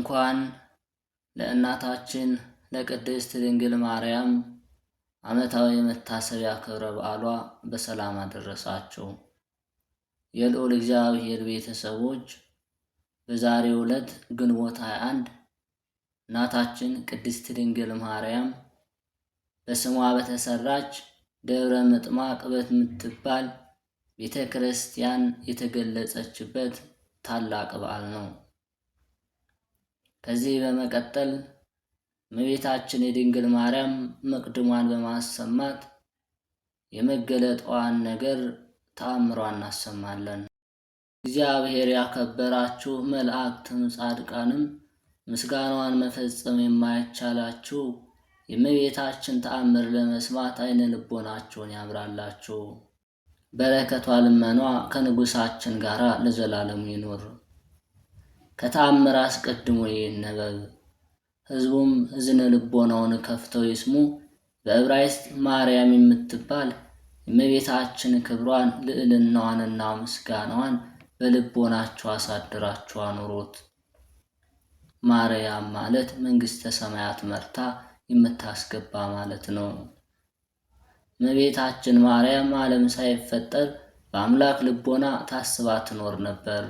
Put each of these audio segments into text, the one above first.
እንኳን ለእናታችን ለቅድስት ድንግል ማርያም ዓመታዊ መታሰቢያ ክብረ በዓሏ በሰላም አደረሳቸው። የልዑል እግዚአብሔር ቤተሰቦች በዛሬ ዕለት ግንቦት 21 እናታችን ቅድስት ድንግል ማርያም በስሟ በተሰራች ደብረ ምጥማቅ በምትባል ቤተ ክርስቲያን የተገለጸችበት ታላቅ በዓል ነው። ከዚህ በመቀጠል እመቤታችን የድንግል ማርያም መቅድሟን በማሰማት የመገለጠዋን ነገር ተአምሯን እናሰማለን። እግዚአብሔር ያከበራችሁ መላእክትም ጻድቃንም ምስጋናዋን መፈጸም የማይቻላችሁ የእመቤታችን ተአምር ለመስማት አይነ ልቦናችሁን ያብራላችሁ። በረከቷ ልመኗ ከንጉሳችን ጋር ለዘላለሙ ይኖር። ከተአምር አስቀድሞ ይነበብ። ህዝቡም እዝነ ልቦናውን ከፍተው ይስሙ። በዕብራይስጥ ማርያም የምትባል የእመቤታችን ክብሯን ልዕልናዋንና ምስጋናዋን በልቦናቸው አሳድራቸው አኑሮት። ማርያም ማለት መንግሥተ ሰማያት መርታ የምታስገባ ማለት ነው። እመቤታችን ማርያም ዓለም ሳይፈጠር በአምላክ ልቦና ታስባ ትኖር ነበር።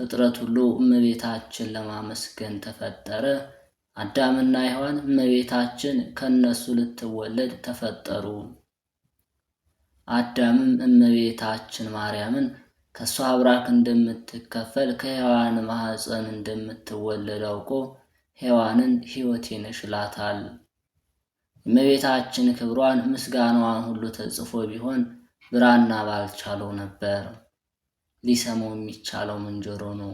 ፍጥረት ሁሉ እመቤታችን ለማመስገን ተፈጠረ። አዳምና ሔዋን እመቤታችን ከነሱ ልትወለድ ተፈጠሩ። አዳምም እመቤታችን ማርያምን ከእሷ አብራክ እንደምትከፈል ከሔዋን ማኅፀን እንደምትወለድ አውቆ ሔዋንን ሕይወቴ ነሽ ይላታል። እመቤታችን ክብሯን ምስጋናዋን ሁሉ ተጽፎ ቢሆን ብራና ባልቻለው ነበር። ሊሰማው የሚቻለው ምን ጆሮ ነው?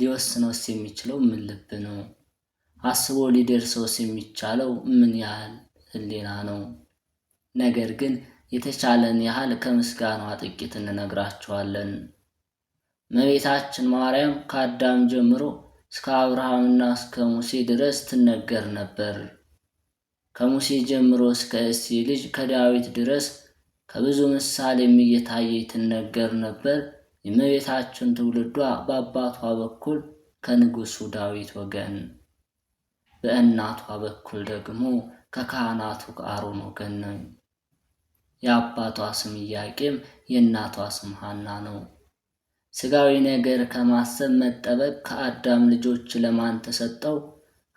ሊወስነውስ የሚችለው ምን ልብ ነው? አስቦ ሊደርሰውስ የሚቻለው ምን ያህል ህሌና ነው? ነገር ግን የተቻለን ያህል ከምስጋናዋ ጥቂት እንነግራችኋለን። እመቤታችን ማርያም ከአዳም ጀምሮ እስከ አብርሃምና እስከ ሙሴ ድረስ ትነገር ነበር። ከሙሴ ጀምሮ እስከ እሴ ልጅ ከዳዊት ድረስ ከብዙ ምሳሌም እየታየ ትነገር ነበር። የእመቤታችን ትውልዷ በአባቷ በኩል ከንጉሱ ዳዊት ወገን፣ በእናቷ በኩል ደግሞ ከካህናቱ ከአሮን ወገን ነው። የአባቷ ስም ኢያቄም የእናቷ ስም ሐና ነው። ስጋዊ ነገር ከማሰብ መጠበቅ ከአዳም ልጆች ለማን ተሰጠው?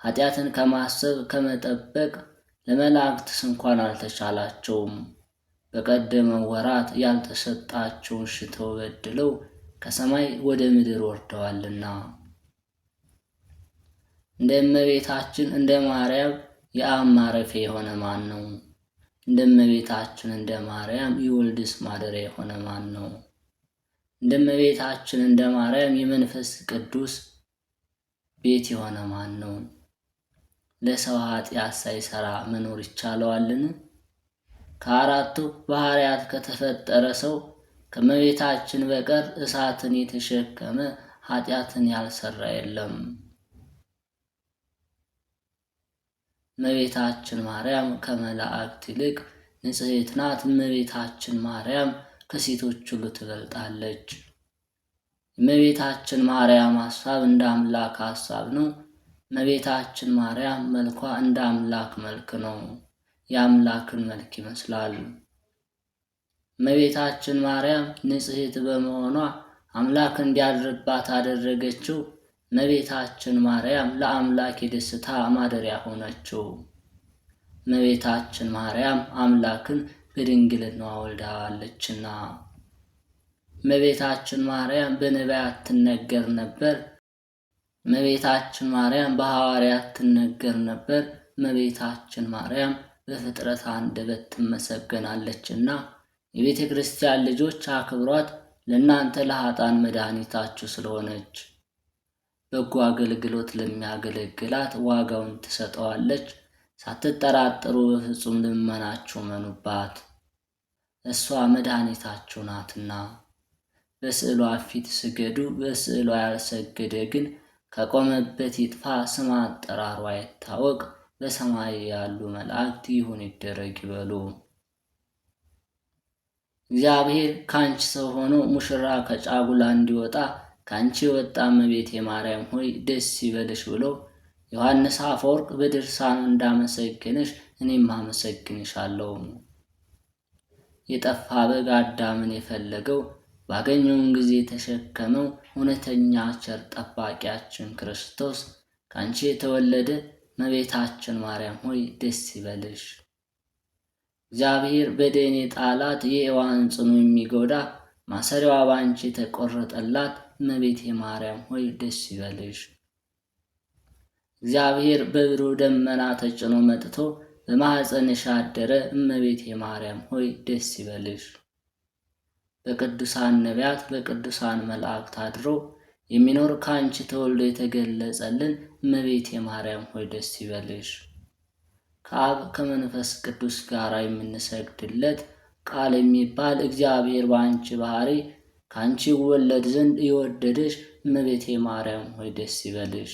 ኃጢአትን ከማሰብ ከመጠበቅ ለመላእክትስ እንኳን አልተቻላቸውም። በቀደመው ወራት ያልተሰጣቸውን ሽተው በድለው ከሰማይ ወደ ምድር ወርደዋልና እንደ እመቤታችን እንደ ማርያም የአብ ማረፊያ የሆነ ማን ነው? እንደ እመቤታችን እንደ ማርያም የወልድስ ማደሪያ የሆነ ማን ነው? እንደ እመቤታችን እንደ ማርያም የመንፈስ ቅዱስ ቤት የሆነ ማን ነው? ለሰው ኃጢአት ሳይሰራ መኖር ይቻለዋልን? ከአራቱ ባህርያት ከተፈጠረ ሰው ከመቤታችን በቀር እሳትን የተሸከመ ኃጢአትን ያልሰራ የለም። እመቤታችን ማርያም ከመላእክት ይልቅ ንጽሕት ናት። እመቤታችን ማርያም ከሴቶች ሁሉ ትበልጣለች። እመቤታችን ማርያም ሐሳብ እንደ አምላክ ሐሳብ ነው። እመቤታችን ማርያም መልኳ እንደ አምላክ መልክ ነው። የአምላክን መልክ ይመስላሉ። እመቤታችን ማርያም ንጽሕት በመሆኗ አምላክ እንዲያድርባት አደረገችው። እመቤታችን ማርያም ለአምላክ የደስታ ማደሪያ ሆነችው። እመቤታችን ማርያም አምላክን በድንግልና ወልዳዋለችና። እመቤታችን ማርያም በነቢያት ትነገር ነበር። እመቤታችን ማርያም በሐዋርያት ትነገር ነበር። እመቤታችን ማርያም በፍጥረት አንደበት ትመሰገናለች እና የቤተ ክርስቲያን ልጆች አክብሯት፣ ለእናንተ ለሀጣን መድኃኒታችሁ ስለሆነች። በጎ አገልግሎት ለሚያገለግላት ዋጋውን ትሰጠዋለች። ሳትጠራጠሩ በፍጹም ልመናችሁ መኑባት፣ እሷ መድኃኒታችሁ ናትና። በስዕሏ ፊት ስገዱ፣ በስዕሏ ያልሰገደ ግን ከቆመበት ይጥፋ፣ ስም አጠራሯ አይታወቅ። በሰማይ ያሉ መላእክት ይሁን ይደረግ ይበሉ። እግዚአብሔር ከአንቺ ሰው ሆኖ ሙሽራ ከጫጉላ እንዲወጣ ከአንቺ ወጣ እመቤቴ ማርያም ሆይ ደስ ይበልሽ ብሎ ዮሐንስ አፈወርቅ በድርሳኑ እንዳመሰግንሽ እኔም አመሰግንሻለሁ። የጠፋ በግ አዳምን የፈለገው ባገኘውን ጊዜ የተሸከመው እውነተኛ ቸር ጠባቂያችን ክርስቶስ ከአንቺ የተወለደ እመቤታችን ማርያም ሆይ ደስ ይበልሽ። እግዚአብሔር በደኔ ጣላት የእዋን ጽኑ የሚጎዳ ማሰሪያዋ ባንቺ የተቆረጠላት እመቤቴ ማርያም ሆይ ደስ ይበልሽ። እግዚአብሔር በብሩህ ደመና ተጭኖ መጥቶ በማኅፀንሽ አደረ እመቤቴ ማርያም ሆይ ደስ ይበልሽ። በቅዱሳን ነቢያት በቅዱሳን መላእክት አድሮ የሚኖር ከአንቺ ተወልዶ የተገለጸልን እመቤቴ ማርያም ሆይ ደስ ይበልሽ። ከአብ ከመንፈስ ቅዱስ ጋር የምንሰግድለት ቃል የሚባል እግዚአብሔር በአንቺ ባህሪ ከአንቺ ወለድ ዘንድ የወደደሽ እመቤቴ ማርያም ሆይ ደስ ይበልሽ።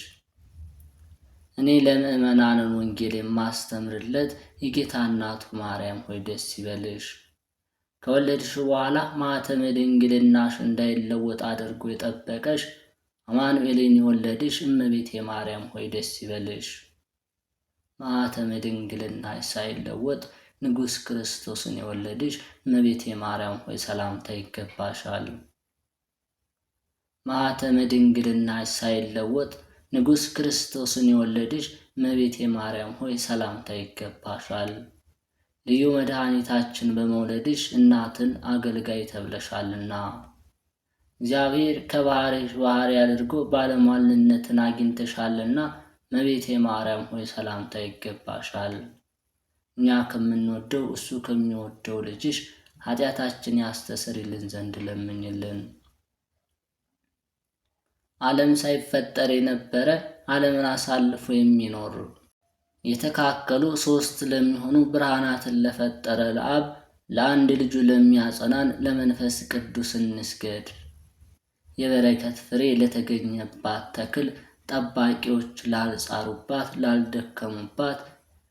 እኔ ለምእመናንን ወንጌል የማስተምርለት የጌታ እናቱ ማርያም ሆይ ደስ ይበልሽ። ከወለድሽ በኋላ ማኅተመ ድንግልናሽ እንዳይለወጥ አድርጎ የጠበቀሽ አማኑኤልን የወለድሽ እመቤቴ ማርያም ሆይ ደስ ይበልሽ። ማኅተመ ድንግልና ሳይለወጥ ንጉሥ ክርስቶስን የወለድሽ እመቤቴ ማርያም ሆይ ሰላምታ ይገባሻል። ማኅተመ ድንግልና ሳይለወጥ ንጉሥ ክርስቶስን የወለድሽ እመቤቴ ማርያም ሆይ ሰላምታ ይገባሻል። ልዩ መድኃኒታችን በመውለድሽ እናትን አገልጋይ ተብለሻልና እግዚአብሔር ከባህርሽ ባህሪ አድርጎ ባለሟልነትን አግኝተሻልና መቤቴ ማርያም ሆይ ሰላምታ ይገባሻል። እኛ ከምንወደው እሱ ከሚወደው ልጅሽ ኃጢአታችን ያስተሰሪልን ዘንድ ለምኝልን። ዓለም ሳይፈጠር የነበረ ዓለምን አሳልፎ የሚኖር የተካከሉ ሶስት ለሚሆኑ ብርሃናትን ለፈጠረ ለአብ ለአንድ ልጁ ለሚያጸናን ለመንፈስ ቅዱስ እንስገድ። የበረከት ፍሬ ለተገኘባት ተክል ጠባቂዎች ላልጻሩባት፣ ላልደከሙባት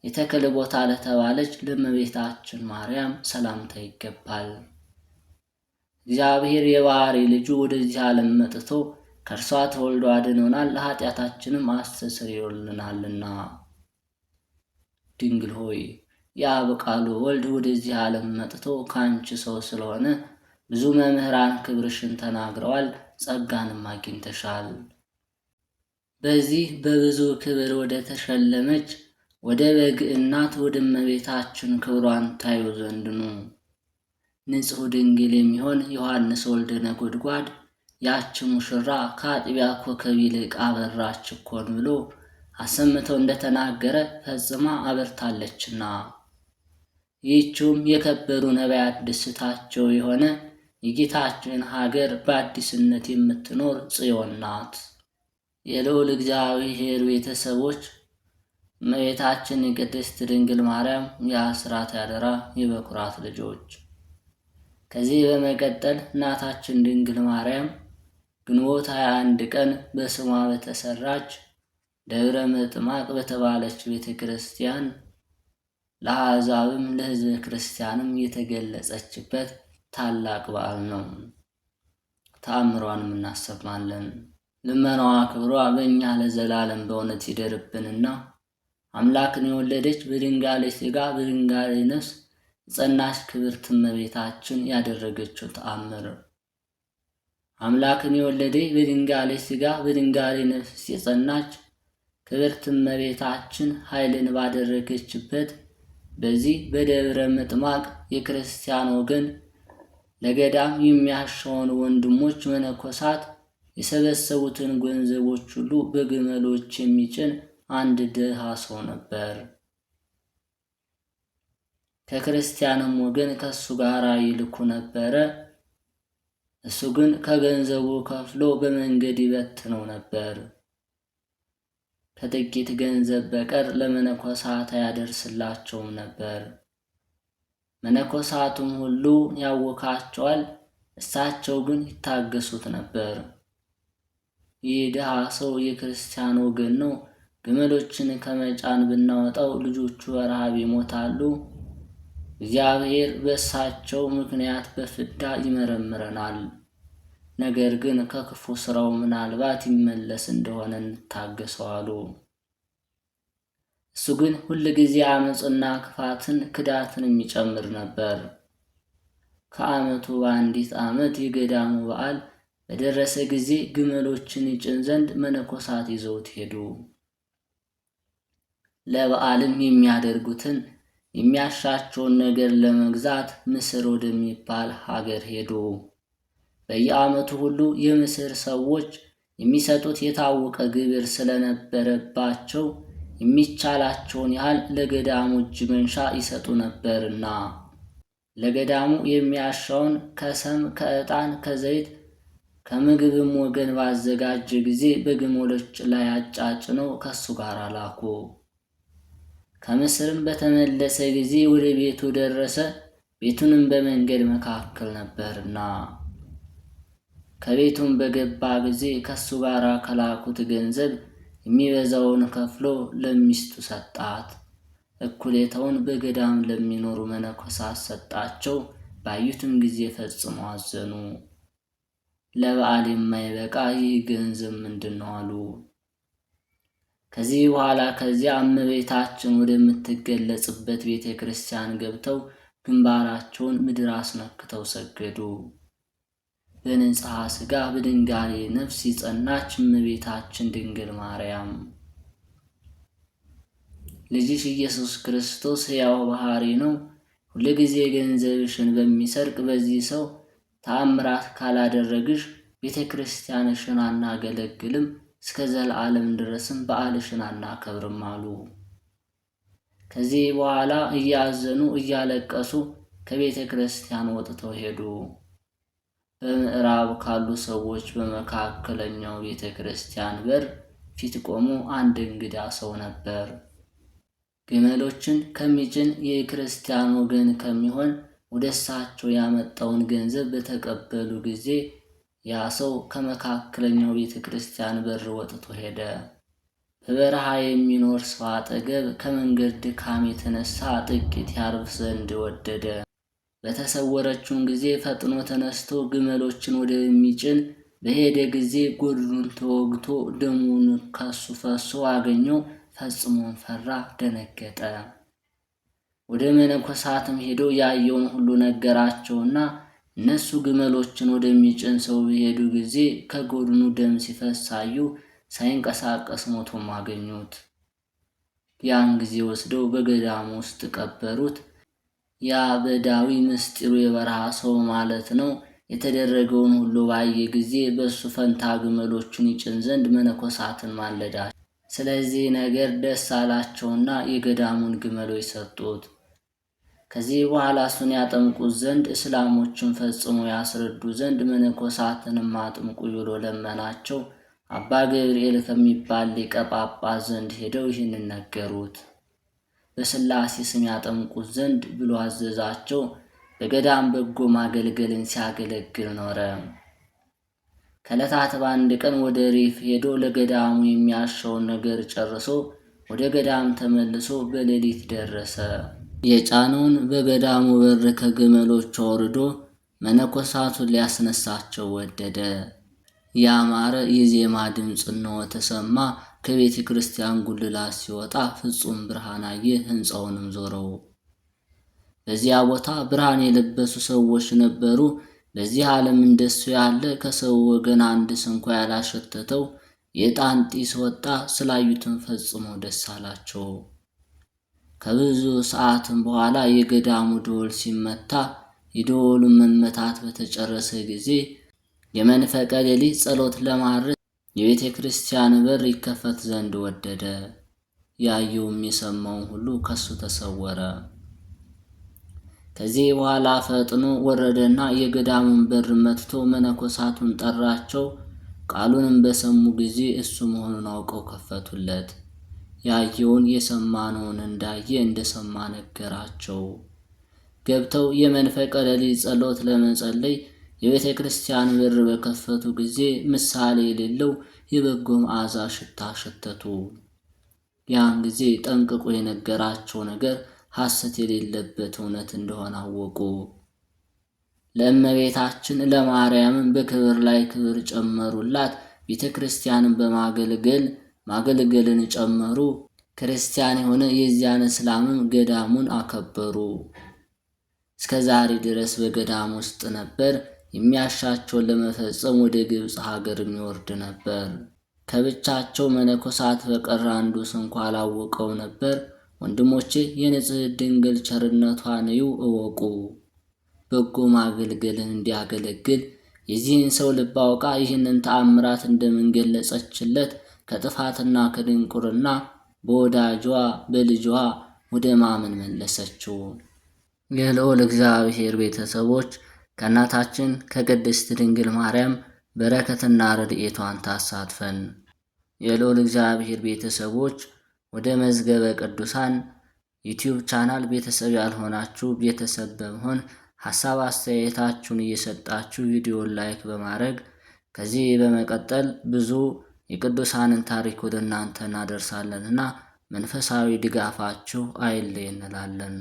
የተክል ቦታ ለተባለች ለእመቤታችን ማርያም ሰላምታ ይገባል። እግዚአብሔር የባህሪ ልጁ ወደዚህ ዓለም መጥቶ ከእርሷ ተወልዶ አድኖናል፣ ለኃጢአታችንም አስተስርዮልናልና። ድንግል ሆይ የአብ ቃሉ ወልድ ወደዚህ ዓለም መጥቶ ከአንቺ ሰው ስለሆነ ብዙ መምህራን ክብርሽን ተናግረዋል። ጸጋንም አግኝተሻል። በዚህ በብዙ ክብር ወደ ተሸለመች ወደ በግ እናት ወደ እመቤታችን ክብሯን ታዩ ዘንድ ኑ። ንጹሕ ድንግል የሚሆን ዮሐንስ ወልደ ነጎድጓድ ያች ሙሽራ ከአጥቢያ ኮከብ ይልቅ አበራች እኮን ብሎ አሰምተው እንደተናገረ ፈጽማ አበርታለችና ይህችውም የከበሩ ነቢያት ደስታቸው የሆነ የጌታችን ሀገር በአዲስነት የምትኖር ጽዮን ናት። የልዑል እግዚአብሔር ቤተሰቦች እመቤታችን የቅድስት ድንግል ማርያም የአስራት ያደራ የበኩራት ልጆች። ከዚህ በመቀጠል እናታችን ድንግል ማርያም ግንቦት 21 ቀን በስሟ በተሰራች ደብረ ምጥማቅ በተባለች ቤተ ክርስቲያን ለአሕዛብም ለሕዝበ ክርስቲያንም የተገለጸችበት ታላቅ በዓል ነው። ተአምሯን እናሰማለን። ልመናዋ ክብሯ በእኛ ለዘላለም በእውነት ይደርብንና አምላክን የወለደች በድንጋሌ ሥጋ በድንጋሌ ነፍስ ጸናሽ ክብርት እመቤታችን ያደረገችው ተአምር አምላክን የወለደች በድንጋሌ ሥጋ በድንጋሌ ነፍስ የጸናች ክብርት እመቤታችን ኃይልን ባደረገችበት በዚህ በደብረ ምጥማቅ የክርስቲያን ወገን ለገዳም የሚያሻውን ወንድሞች መነኮሳት የሰበሰቡትን ገንዘቦች ሁሉ በግመሎች የሚጭን አንድ ድሃ ሰው ነበር። ከክርስቲያንም ወገን ከእሱ ጋር ይልኩ ነበረ። እሱ ግን ከገንዘቡ ከፍሎ በመንገድ ይበትነው ነበር። ከጥቂት ገንዘብ በቀር ለመነኮሳት አያደርስላቸውም ነበር። መነኮሳቱም ሁሉ ያውካቸዋል፣ እሳቸው ግን ይታገሱት ነበር። ይህ ድሃ ሰው የክርስቲያን ወገን ነው። ግመሎችን ከመጫን ብናወጣው ልጆቹ በረሃብ ይሞታሉ። እግዚአብሔር በእሳቸው ምክንያት በፍዳ ይመረምረናል። ነገር ግን ከክፉ ስራው ምናልባት ይመለስ እንደሆነ እንታገሰዋሉ። እሱ ግን ጊዜ አመፅና ክፋትን ክዳትን የሚጨምር ነበር። ከአመቱ በአንዲት ዓመት የገዳሙ በዓል በደረሰ ጊዜ ግመሎችን ይጭን ዘንድ መነኮሳት ይዘውት ሄዱ። ለበዓልም የሚያደርጉትን የሚያሻቸውን ነገር ለመግዛት ምስር ወደሚባል ሀገር ሄዱ። በየአመቱ ሁሉ የምስር ሰዎች የሚሰጡት የታወቀ ግብር ስለነበረባቸው የሚቻላቸውን ያህል ለገዳሙ እጅ መንሻ ይሰጡ ነበርና ለገዳሙ የሚያሻውን ከሰም፣ ከዕጣን፣ ከዘይት ከምግብም ወገን ባዘጋጀ ጊዜ በግመሎች ላይ አጫጭነው ከሱ ጋር ላኩ። ከምስርም በተመለሰ ጊዜ ወደ ቤቱ ደረሰ። ቤቱንም በመንገድ መካከል ነበርና ከቤቱም በገባ ጊዜ ከሱ ጋር ከላኩት ገንዘብ የሚበዛውን ከፍሎ ለሚስቱ ሰጣት። እኩሌታውን በገዳም ለሚኖሩ መነኮሳት ሰጣቸው። ባዩትም ጊዜ ፈጽሞ አዘኑ። ለበዓል የማይበቃ ይህ ገንዘብ ምንድን ነው አሉ። ከዚህ በኋላ ከዚያ እመቤታችን ወደምትገለጽበት ቤተ ክርስቲያን ገብተው ግንባራቸውን ምድር አስነክተው ሰገዱ። በንጽሐ ሥጋ በድንጋሌ ነፍስ ይጸናች እመቤታችን ድንግል ማርያም ልጅሽ ኢየሱስ ክርስቶስ ሕያው ባህሪ ነው። ሁልጊዜ ገንዘብሽን በሚሰርቅ በዚህ ሰው ተአምራት ካላደረግሽ ቤተ ክርስቲያንሽን አናገለግልም፣ እስከ ዘለዓለም ድረስም በዓልሽን አናከብርም አሉ። ከዚህ በኋላ እያዘኑ እያለቀሱ ከቤተ ክርስቲያን ወጥተው ሄዱ። በምዕራብ ካሉ ሰዎች በመካከለኛው ቤተ ክርስቲያን በር ፊት ቆሞ አንድ እንግዳ ሰው ነበር። ግመሎችን ከሚጭን የክርስቲያን ወገን ከሚሆን ወደ እሳቸው ያመጣውን ገንዘብ በተቀበሉ ጊዜ ያ ሰው ከመካከለኛው ቤተ ክርስቲያን በር ወጥቶ ሄደ። በበረሃ የሚኖር ሰው አጠገብ ከመንገድ ድካም የተነሳ ጥቂት ያርፍ ዘንድ ወደደ። በተሰወረችውን ጊዜ ፈጥኖ ተነስቶ ግመሎችን ወደሚጭን በሄደ ጊዜ ጎድኑን ተወግቶ ደሙን ከሱ ፈሶ አገኘው። ፈጽሞን ፈራ፣ ደነገጠ። ወደ መነኮሳትም ሄዶ ያየውን ሁሉ ነገራቸውና እነሱ ግመሎችን ወደሚጭን ሰው በሄዱ ጊዜ ከጎድኑ ደም ሲፈሳዩ ሳይንቀሳቀስ ሞቶም አገኙት። ያን ጊዜ ወስደው በገዳም ውስጥ ቀበሩት። የአበዳዊ ምስጢሩ የበረሃ ሰው ማለት ነው። የተደረገውን ሁሉ ባየ ጊዜ በእሱ ፈንታ ግመሎቹን ይጭን ዘንድ መነኮሳትን ማለዳቸው። ስለዚህ ነገር ደስ አላቸውና የገዳሙን ግመሎች ሰጡት። ከዚህ በኋላ እሱን ያጠምቁት ዘንድ እስላሞችን ፈጽሞ ያስረዱ ዘንድ መነኮሳትንም አጥምቁ ብሎ ለመናቸው። አባ ገብርኤል ከሚባል ሊቀ ጳጳስ ዘንድ ሄደው ይህንን ነገሩት። በስላሴ ስም ያጠምቁት ዘንድ ብሎ አዘዛቸው። በገዳም በጎ ማገልገልን ሲያገለግል ኖረ። ከዕለታት በአንድ ቀን ወደ ሪፍ ሄዶ ለገዳሙ የሚያሻውን ነገር ጨርሶ ወደ ገዳም ተመልሶ በሌሊት ደረሰ። የጫነውን በገዳሙ በር ከግመሎች አውርዶ መነኮሳቱን ሊያስነሳቸው ወደደ። ያማረ የዜማ ድምፅ ነው ተሰማ። ከቤተ ክርስቲያን ጉልላት ሲወጣ ፍጹም ብርሃን አየ፣ ሕንፃውንም ዞረው። በዚያ ቦታ ብርሃን የለበሱ ሰዎች ነበሩ። በዚህ ዓለም እንደሱ ያለ ከሰው ወገን አንድ ስንኳ ያላሸተተው የዕጣን ጢስ ወጣ። ስላዩትን ፈጽሞ ደስ አላቸው። ከብዙ ሰዓትም በኋላ የገዳሙ ደወል ሲመታ፣ የደወሉን መመታት በተጨረሰ ጊዜ የመንፈቀ ሌሊት ጸሎት ለማድረስ የቤተ ክርስቲያን በር ይከፈት ዘንድ ወደደ። ያየውም የሰማውን ሁሉ ከሱ ተሰወረ። ከዚህ በኋላ ፈጥኖ ወረደና የገዳሙን በር መትቶ መነኮሳቱን ጠራቸው። ቃሉንም በሰሙ ጊዜ እሱ መሆኑን አውቀው ከፈቱለት። ያየውን የሰማነውን እንዳየ እንደሰማ ነገራቸው። ገብተው የመንፈቀ ሌሊት ጸሎት ለመጸለይ የቤተ ክርስቲያን በር በከፈቱ ጊዜ ምሳሌ የሌለው የበጎ መዓዛ ሽታ ሸተቱ። ያን ጊዜ ጠንቅቆ የነገራቸው ነገር ሐሰት የሌለበት እውነት እንደሆነ አወቁ። ለእመቤታችን ለማርያምን በክብር ላይ ክብር ጨመሩላት። ቤተ ክርስቲያንን በማገልገል ማገልገልን ጨመሩ። ክርስቲያን የሆነ የዚያን እስላምም ገዳሙን አከበሩ። እስከ ዛሬ ድረስ በገዳም ውስጥ ነበር። የሚያሻቸውን ለመፈጸም ወደ ግብፅ ሀገር የሚወርድ ነበር። ከብቻቸው መነኮሳት በቀር አንዱ ስንኳ አላወቀው ነበር። ወንድሞቼ የንጽሕት ድንግል ቸርነቷን እዩ እወቁ። በጎ ማገልገልን እንዲያገለግል የዚህን ሰው ልብ አውቃ ይህንን ተአምራት እንደምንገለጸችለት ከጥፋትና ከድንቁርና በወዳጇ በልጇ ወደ ማመን መለሰችው። የልዑል እግዚአብሔር ቤተሰቦች ከእናታችን ከቅድስት ድንግል ማርያም በረከትና ረድኤቷን ታሳትፈን። የልዑል እግዚአብሔር ቤተሰቦች ወደ መዝገበ ቅዱሳን ዩቲዩብ ቻናል ቤተሰብ ያልሆናችሁ ቤተሰብ በመሆን ሀሳብ አስተያየታችሁን እየሰጣችሁ ቪዲዮን ላይክ በማድረግ ከዚህ በመቀጠል ብዙ የቅዱሳንን ታሪክ ወደ እናንተ እናደርሳለንና መንፈሳዊ ድጋፋችሁ አይለይ እንላለን።